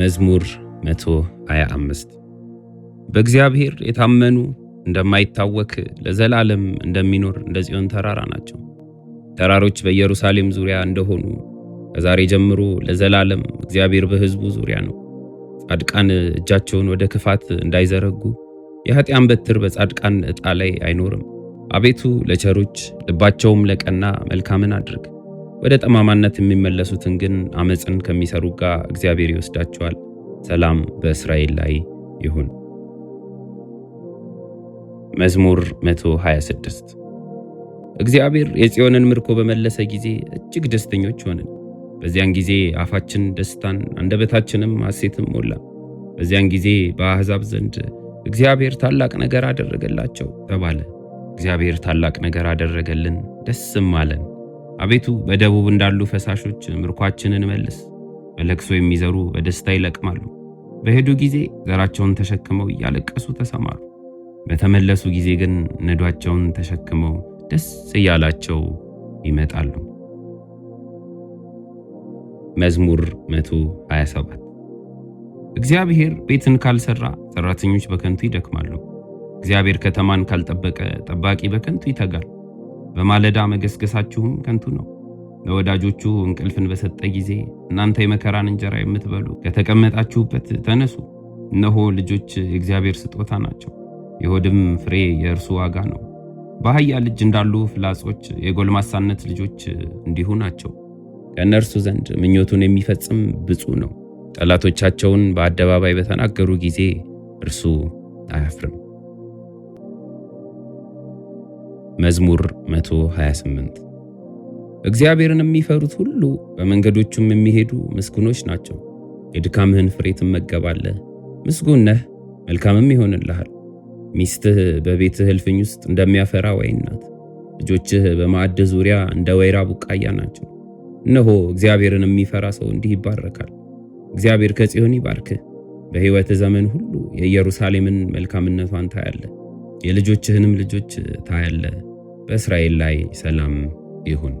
መዝሙር 125 በእግዚአብሔር የታመኑ እንደማይታወክ ለዘላለም እንደሚኖር እንደ ጽዮን ተራራ ናቸው። ተራሮች በኢየሩሳሌም ዙሪያ እንደሆኑ ከዛሬ ጀምሮ ለዘላለም እግዚአብሔር በሕዝቡ ዙሪያ ነው። ጻድቃን እጃቸውን ወደ ክፋት እንዳይዘረጉ የኃጢአን በትር በጻድቃን ዕጣ ላይ አይኖርም። አቤቱ ለቸሮች ልባቸውም ለቀና መልካምን አድርግ። ወደ ጠማማነት የሚመለሱትን ግን አመፅን ከሚሰሩ ጋር እግዚአብሔር ይወስዳቸዋል። ሰላም በእስራኤል ላይ ይሁን። መዝሙር 126 እግዚአብሔር የጽዮንን ምርኮ በመለሰ ጊዜ እጅግ ደስተኞች ሆንን። በዚያን ጊዜ አፋችን ደስታን አንደበታችንም ሐሴትም ሞላ። በዚያን ጊዜ በአሕዛብ ዘንድ እግዚአብሔር ታላቅ ነገር አደረገላቸው ተባለ። እግዚአብሔር ታላቅ ነገር አደረገልን፣ ደስም አለን። አቤቱ በደቡብ እንዳሉ ፈሳሾች ምርኳችንን መልስ። በለቅሶ የሚዘሩ በደስታ ይለቅማሉ። በሄዱ ጊዜ ዘራቸውን ተሸክመው እያለቀሱ ተሰማሩ። በተመለሱ ጊዜ ግን ነዷቸውን ተሸክመው ደስ እያላቸው ይመጣሉ። መዝሙር 127 እግዚአብሔር ቤትን ካልሰራ ሰራተኞች በከንቱ ይደክማሉ። እግዚአብሔር ከተማን ካልጠበቀ ጠባቂ በከንቱ ይተጋል። በማለዳ መገስገሳችሁም ከንቱ ነው። ለወዳጆቹ እንቅልፍን በሰጠ ጊዜ እናንተ የመከራን እንጀራ የምትበሉ ከተቀመጣችሁበት ተነሱ። እነሆ ልጆች የእግዚአብሔር ስጦታ ናቸው፣ የሆድም ፍሬ የእርሱ ዋጋ ነው። በአህያ ልጅ እንዳሉ ፍላጾች የጎልማሳነት ልጆች እንዲሁ ናቸው። ከእነርሱ ዘንድ ምኞቱን የሚፈጽም ብፁ ነው። ጠላቶቻቸውን በአደባባይ በተናገሩ ጊዜ እርሱ አያፍርም። መዝሙር 128 እግዚአብሔርን የሚፈሩት ሁሉ በመንገዶቹም የሚሄዱ ምስጉኖች ናቸው። የድካምህን ፍሬ ትመገባለህ፣ ምስጉን ነህ፣ መልካምም ይሆንልሃል። ሚስትህ በቤትህ እልፍኝ ውስጥ እንደሚያፈራ ወይን ናት። ልጆችህ በማዕድ ዙሪያ እንደ ወይራ ቡቃያ ናቸው። እነሆ እግዚአብሔርን የሚፈራ ሰው እንዲህ ይባረካል። እግዚአብሔር ከጽዮን ይባርክህ፣ በሕይወትህ ዘመን ሁሉ የኢየሩሳሌምን መልካምነቷን ታያለህ፣ የልጆችህንም ልጆች ታያለህ። በእስራኤል ላይ ሰላም ይሁን።